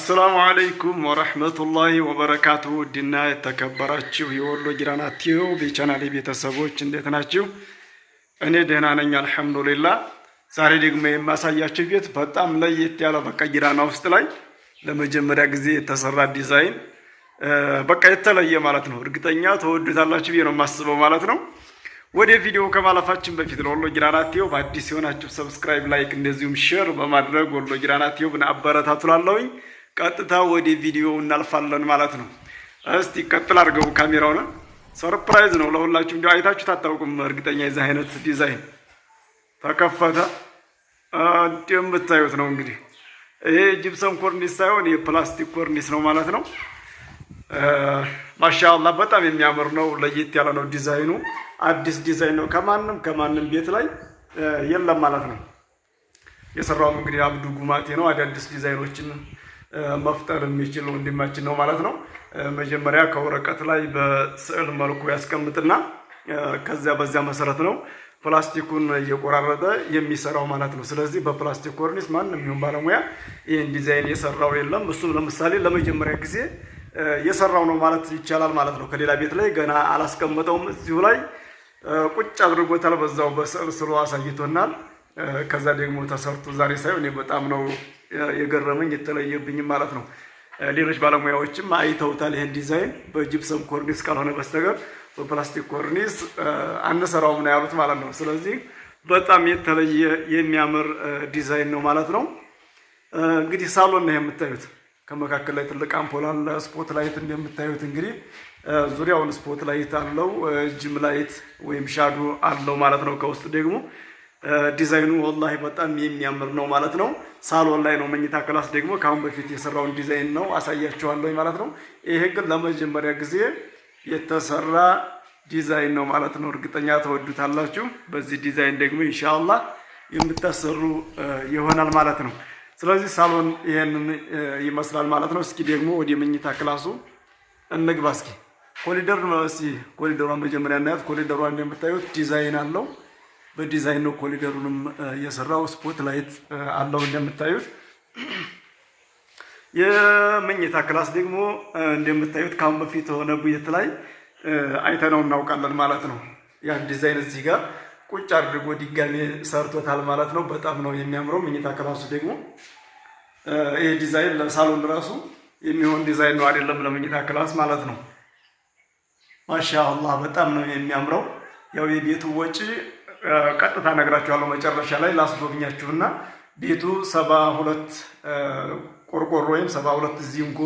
አሰላሙ አለይኩም ወረህመቱላሂ ወበረካቱ። ውድና የተከበራችሁ የወሎ ጊራና ቲዩብ የቻናሌ ቤተሰቦች እንዴት ናችሁ? እኔ ደህና ነኝ አልሐምዱሊላ። ዛሬ ደግሞ የማሳያችሁ ቤት በጣም ለየት ያለ በቃ ጊራና ውስጥ ላይ ለመጀመሪያ ጊዜ የተሰራ ዲዛይን በቃ የተለየ ማለት ነው። እርግጠኛ ተወዱታላችሁ ብዬ ነው የማስበው ማለት ነው። ወደ ቪዲዮ ከማለፋችን በፊት ለወሎ ጊራና ቲዩብ አዲስ የሆናችሁ ሰብስክራይብ፣ ላይክ እንደዚሁም ሼር በማድረግ ወሎ ጊራና ቲዩብን አበረታቱላለሁኝ። ቀጥታ ወደ ቪዲዮ እናልፋለን ማለት ነው። እስቲ ቀጥል አድርገው ካሜራውን። ሰርፕራይዝ ነው ለሁላችሁ፣ እንዲ አይታችሁ ታታውቁም እርግጠኛ። የዚህ አይነት ዲዛይን ተከፈተ የምታዩት ነው እንግዲህ ይሄ ጅብሰም ኮርኒስ ሳይሆን የፕላስቲክ ኮርኒስ ነው ማለት ነው። ማሻአላ በጣም የሚያምር ነው። ለየት ያለ ነው ዲዛይኑ። አዲስ ዲዛይን ነው። ከማንም ከማንም ቤት ላይ የለም ማለት ነው። የሰራውም እንግዲህ አብዱ ጉማቴ ነው። አዳዲስ ዲዛይኖችን መፍጠር የሚችል ወንድማችን ነው ማለት ነው። መጀመሪያ ከወረቀት ላይ በስዕል መልኩ ያስቀምጥና ከዚያ በዚያ መሰረት ነው ፕላስቲኩን እየቆራረጠ የሚሰራው ማለት ነው። ስለዚህ በፕላስቲክ ኮርኒስ ማንም ይሁን ባለሙያ ይህን ዲዛይን የሰራው የለም። እሱም ለምሳሌ ለመጀመሪያ ጊዜ የሰራው ነው ማለት ይቻላል ማለት ነው። ከሌላ ቤት ላይ ገና አላስቀመጠውም፣ እዚሁ ላይ ቁጭ አድርጎታል። በዛው በስዕል ስሎ አሳይቶናል። ከዛ ደግሞ ተሰርቶ ዛሬ ሳይሆን በጣም ነው የገረመኝ የተለየብኝ ማለት ነው። ሌሎች ባለሙያዎችም አይተውታል ይህን ዲዛይን በጅፕሰም ኮርኒስ ካልሆነ በስተቀር በፕላስቲክ ኮርኒስ አንሰራውም ነው ያሉት ማለት ነው። ስለዚህ በጣም የተለየ የሚያምር ዲዛይን ነው ማለት ነው። እንግዲህ ሳሎን ነው የምታዩት። ከመካከል ላይ ትልቅ አምፖል አለ። ስፖት ላይት እንደምታዩት እንግዲህ ዙሪያውን ስፖት ላይት አለው። ጅም ላይት ወይም ሻዶ አለው ማለት ነው። ከውስጥ ደግሞ ዲዛይኑ ወላሂ በጣም የሚያምር ነው ማለት ነው። ሳሎን ላይ ነው። መኝታ ክላስ ደግሞ ከአሁን በፊት የሰራውን ዲዛይን ነው አሳያችኋለሁ ማለት ነው። ይሄ ግን ለመጀመሪያ ጊዜ የተሰራ ዲዛይን ነው ማለት ነው። እርግጠኛ ተወዱታላችሁ። በዚህ ዲዛይን ደግሞ ኢንሻአላህ የምታሰሩ ይሆናል ማለት ነው። ስለዚህ ሳሎን ይሄንን ይመስላል ማለት ነው። እስኪ ደግሞ ወደ መኝታ ክላሱ እንግባ። እስኪ ኮሪደር ነው። እስኪ ኮሪደሯን መጀመሪያ እናያት። ኮሪደሯ እንደምታዩት ዲዛይን አለው። በዲዛይን ነው ኮሊደሩንም የሰራው። ስፖት ላይት አለው እንደምታዩት። የመኝታ ክላስ ደግሞ እንደምታዩት ካሁን በፊት የሆነ ቡየት ላይ አይተነው እናውቃለን ማለት ነው። ያን ዲዛይን እዚህ ጋር ቁጭ አድርጎ ድጋሜ ሰርቶታል ማለት ነው። በጣም ነው የሚያምረው። መኝታ ክላሱ ደግሞ ይህ ዲዛይን ለሳሎን ራሱ የሚሆን ዲዛይን ነው አይደለም፣ ለመኝታ ክላስ ማለት ነው። ማሻ አላህ በጣም ነው የሚያምረው። ያው የቤቱ ወጪ ቀጥታ ነግራችኋለሁ። መጨረሻ ላይ ላስጎብኛችሁና ቤቱ ሰባ ሁለት ቆርቆሮ ወይም ሰባ ሁለት ዚንጎ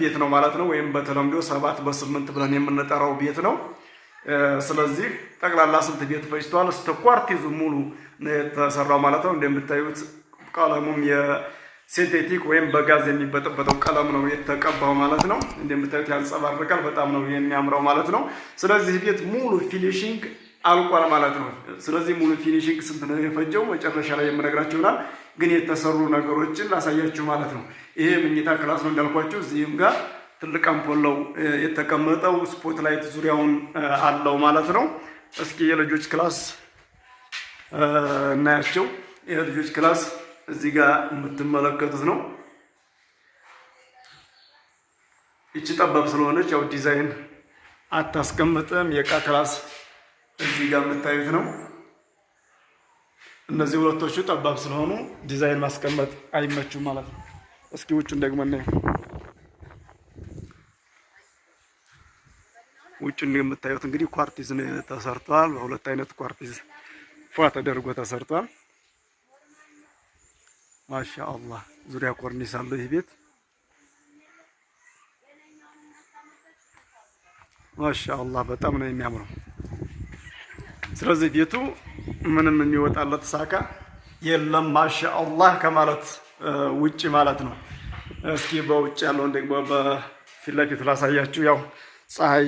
ቤት ነው ማለት ነው። ወይም በተለምዶ ሰባት በስምንት ብለን የምንጠራው ቤት ነው። ስለዚህ ጠቅላላ ስንት ቤት ፈጅተዋል? እስከ ኳርቲዙ ሙሉ የተሰራው ማለት ነው። እንደምታዩት ቀለሙም የሲንቴቲክ ወይም በጋዝ የሚበጠበጠው ቀለም ነው የተቀባው ማለት ነው። እንደምታዩት ያንጸባርቃል። በጣም ነው የሚያምረው ማለት ነው። ስለዚህ ቤት ሙሉ ፊኒሽንግ አልቋል ማለት ነው። ስለዚህ ሙሉ ፊኒሽንግ ስንት ነው የፈጀው መጨረሻ ላይ የምነግራችሁ ይሆናል። ግን የተሰሩ ነገሮችን ላሳያችሁ ማለት ነው። ይሄ ምኝታ ክላስ ነው እንዳልኳችሁ። እዚህም ጋር ትልቅ አምፖለው የተቀመጠው ስፖት ላይት ዙሪያውን አለው ማለት ነው። እስኪ የልጆች ክላስ እናያቸው። የልጆች ክላስ እዚህ ጋር የምትመለከቱት ነው። ይቺ ጠባብ ስለሆነች ያው ዲዛይን አታስቀምጥም የዕቃ ክላስ እዚህ ጋር የምታዩት ነው። እነዚህ ሁለቶቹ ጠባብ ስለሆኑ ዲዛይን ማስቀመጥ አይመቹም ማለት ነው። እስኪ ውጩን ደግሞ እናየው። ውጩን የምታዩት እንግዲህ ኳርቲዝ ተሰርቷል። በሁለት አይነት ኳርቲዝ ፏ ተደርጎ ተሰርቷል። ማሻ አላህ ዙሪያ ኮርኒስ አለው ይህ ቤት ማሻ አላህ በጣም ነው የሚያምረው። ስለዚህ ቤቱ ምንም የሚወጣለት ሳካ የለም ማሻ አላህ ከማለት ውጭ ማለት ነው። እስኪ በውጭ ያለውን ደግሞ በፊት ለፊቱ ላሳያችሁ። ያው ፀሐይ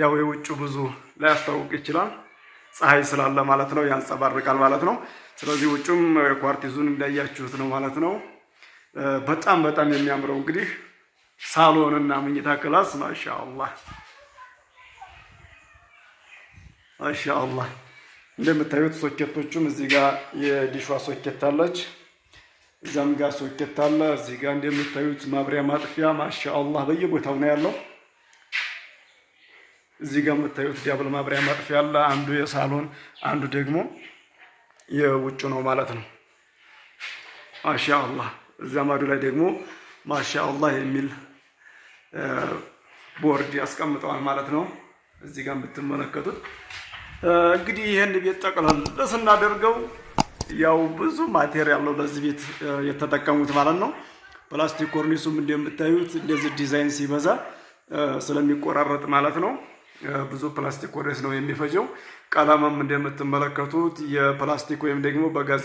ያው የውጭ ብዙ ላያስታውቅ ይችላል። ፀሐይ ስላለ ማለት ነው፣ ያንጸባርቃል ማለት ነው። ስለዚህ ውጭም የኳርቲዙን እንዳያችሁት ነው ማለት ነው። በጣም በጣም የሚያምረው እንግዲህ ሳሎን እና ምኝታ ክላስ ማሻአላህ ማሻአላህ። እንደምታዩት ሶኬቶቹም እዚህ ጋር የዲሿ ሶኬት አለች፣ እዛም ጋር ሶኬት አለ። እዚህ ጋር እንደምታዩት ማብሪያ ማጥፊያ ማሻአላህ በየቦታው ነው ያለው። እዚህ ጋር የምታዩት ዲያብል ማብሪያ ማጥፊያ አለ። አንዱ የሳሎን አንዱ ደግሞ የውጭ ነው ማለት ነው። ማሻአላህ እዚያ ማዱ ላይ ደግሞ ማሻአላህ የሚል ቦርድ ያስቀምጠዋል ማለት ነው። እዚህ ጋር የምትመለከቱት እንግዲህ ይህን ቤት ጠቅላል ስናደርገው ያው ብዙ ማቴሪያል ነው ለዚህ ቤት የተጠቀሙት ማለት ነው። ፕላስቲክ ኮርኒሱም እንደምታዩት እንደዚህ ዲዛይን ሲበዛ ስለሚቆራረጥ ማለት ነው። ብዙ ፕላስቲክ ወሬስ ነው የሚፈጀው። ቀለምም እንደምትመለከቱት የፕላስቲክ ወይም ደግሞ በጋዝ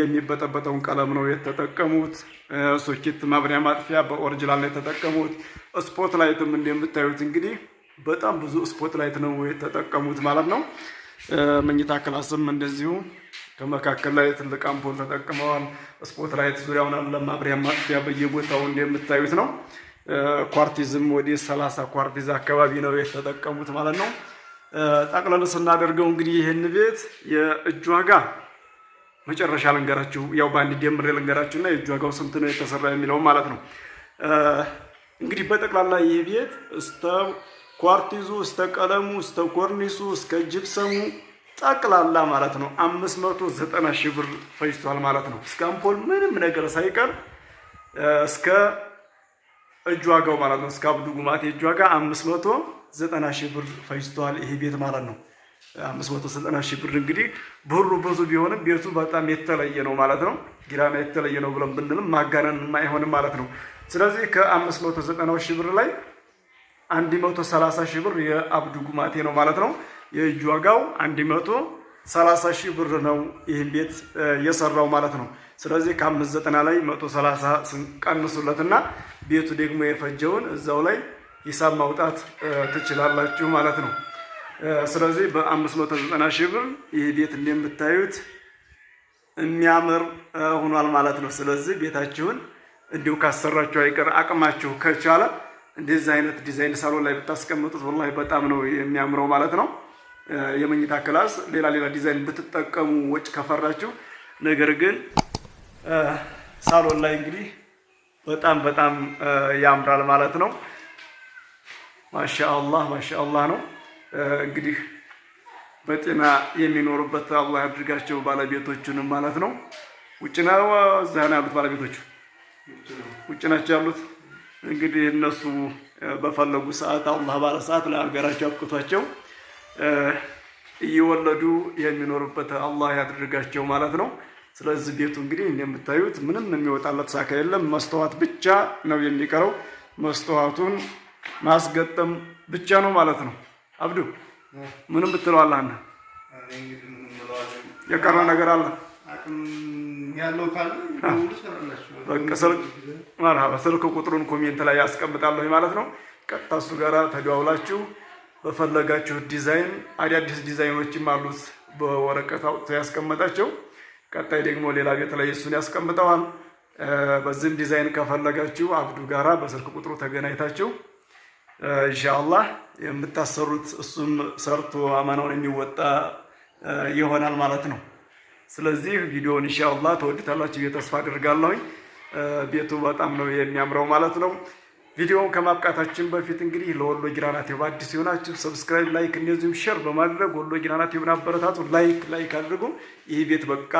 የሚበጠበጠውን ቀለም ነው የተጠቀሙት። ሶኬት ማብሪያ ማጥፊያ በኦሪጅናል ነው የተጠቀሙት። ስፖት ላይትም እንደምታዩት እንግዲህ በጣም ብዙ ስፖት ላይት ነው የተጠቀሙት ማለት ነው። መኝታ ክላስም እንደዚሁ ከመካከል ላይ ትልቅ አምፖል ተጠቅመዋል። ስፖት ላይት ዙሪያውን ለማብሪያ ማጥፊያ በየቦታው እንደምታዩት ነው። ኳርቲዝም ወደ ሰላሳ ኳርቲዝ አካባቢ ነው የተጠቀሙት ማለት ነው። ጠቅለል ስናደርገው እንግዲህ ይህን ቤት የእጅ ዋጋ መጨረሻ ልንገራችሁ፣ ያው በአንድ ደምሬ ልንገራችሁና የእጅ ዋጋው ስንት ነው የተሰራ የሚለው ማለት ነው። እንግዲህ በጠቅላላ ይህ ቤት እስተ ኳርቲዙ፣ እስተ ቀለሙ፣ እስተ ኮርኒሱ፣ እስከ ጅብሰሙ ጠቅላላ ማለት ነው አምስት መቶ ዘጠና ሺህ ብር ፈጅቷል ማለት ነው። እስከ አምፖል ምንም ነገር ሳይቀር እስከ እጅ ዋጋው ማለት ነው እስከ አብዱ ጉማቴ እጅ ዋጋ አምስት መቶ ዘጠና ሺህ ብር ፈጅቷል። ይሄ ቤት ማለት ነው አምስት መቶ ዘጠና ሺህ ብር እንግዲህ ብሩ ብዙ ቢሆንም ቤቱ በጣም የተለየ ነው ማለት ነው። ጊራና የተለየ ነው ብለን ብንልም ማጋነን አይሆንም ማለት ነው። ስለዚህ ከአምስት መቶ ዘጠናው ሺህ ብር ላይ አንድ መቶ ሰላሳ ሺህ ብር የአብዱ ጉማቴ ነው ማለት ነው። የእጅ ዋጋው አንድ መቶ ሰላሳ ሺህ ብር ነው ይህን ቤት የሰራው ማለት ነው። ስለዚህ ከአምስት ዘጠና ላይ መቶ ሰላሳ ቀንሱለትና ቤቱ ደግሞ የፈጀውን እዛው ላይ ሂሳብ ማውጣት ትችላላችሁ ማለት ነው። ስለዚህ በ590 ሺህ ብር ይህ ቤት እንደምታዩት የሚያምር ሆኗል ማለት ነው። ስለዚህ ቤታችሁን እንዲሁ ካሰራችሁ አይቀር አቅማችሁ ከቻለ እንደዚህ አይነት ዲዛይን ሳሎን ላይ ብታስቀምጡት ወላሂ በጣም ነው የሚያምረው ማለት ነው። የመኝታ ክላስ፣ ሌላ ሌላ ዲዛይን ብትጠቀሙ ወጭ ከፈራችሁ፣ ነገር ግን ሳሎን ላይ እንግዲህ በጣም በጣም ያምራል ማለት ነው። ማሻአላህ ማሻአላህ ነው እንግዲህ በጤና የሚኖሩበት አላህ ያድርጋቸው ባለቤቶቹንም ማለት ነው። ውጭ ነው እዛ ነው ያሉት ባለቤቶቹ ውጭ ናቸው ያሉት። እንግዲህ እነሱ በፈለጉ ሰዓት አላህ ባለ ሰዓት ለሀገራቸው አብቅቷቸው እየወለዱ የሚኖሩበት አላህ ያድርጋቸው ማለት ነው። ስለዚህ ቤቱ እንግዲህ እንደምታዩት ምንም የሚወጣለት ሳካ የለም። መስተዋት ብቻ ነው የሚቀረው። መስተዋቱን ማስገጠም ብቻ ነው ማለት ነው። አብዱ ምንም ብትለዋለህ አንተ የቀረ ነገር አለ? ስልክ ቁጥሩን ኮሜንት ላይ ያስቀምጣለሁ ማለት ነው። ቀጥታ እሱ ጋር ተደዋውላችሁ በፈለጋችሁ ዲዛይን፣ አዳዲስ ዲዛይኖችም አሉት በወረቀት አውጥቶ ያስቀመጣቸው ቀጣይ ደግሞ ሌላ ቤት ላይ እሱን ያስቀምጠዋል። በዚህም ዲዛይን ከፈለጋችሁ አብዱ ጋራ በስልክ ቁጥሩ ተገናኝታችሁ ኢንሻአላህ የምታሰሩት እሱም ሰርቶ አማናውን የሚወጣ ይሆናል ማለት ነው። ስለዚህ ቪዲዮውን ኢንሻአላህ ተወድታላችሁ ተስፋ አድርጋለሁኝ። ቤቱ በጣም ነው የሚያምረው ማለት ነው። ቪዲዮውን ከማብቃታችን በፊት እንግዲህ ለወሎ ጊራና ቲዩብ አዲስ የሆናችሁ ሰብስክራይብ፣ ላይክ እንደዚሁም ሼር በማድረግ ወሎ ጊራና ቲዩብን አበረታቱ። ላይክ ላይክ አድርጉ። ይህ ቤት በቃ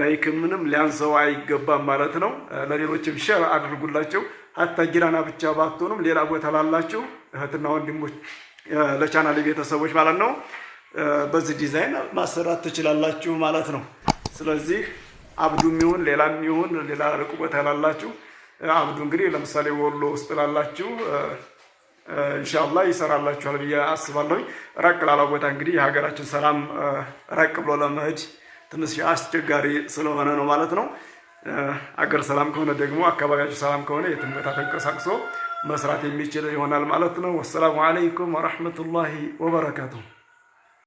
ላይክ ምንም ሊያንሰው አይገባም ማለት ነው። ለሌሎችም ሼር አድርጉላቸው። ሀታ ጊራና ብቻ ባትሆኑም ሌላ ቦታ ላላችሁ እህትና ወንድሞች ለቻናል ቤተሰቦች ማለት ነው በዚህ ዲዛይን ማሰራት ትችላላችሁ ማለት ነው። ስለዚህ አብዱም ይሁን ሌላም ይሁን ሌላ ርቁ ቦታ ላላችሁ አብዱ እንግዲህ ለምሳሌ ወሎ ውስጥ ላላችሁ እንሻላ ይሰራላችኋል ብዬ አስባለሁኝ። ራቅ ላላ ቦታ እንግዲህ የሀገራችን ሰላም ራቅ ብሎ ለመሄድ ትንሽ አስቸጋሪ ስለሆነ ነው ማለት ነው። አገር ሰላም ከሆነ ደግሞ አካባቢያችሁ ሰላም ከሆነ የትም ቦታ ተንቀሳቅሶ መስራት የሚችል ይሆናል ማለት ነው። ወሰላሙ አለይኩም ወረሕመቱላሂ ወበረካቱሁ።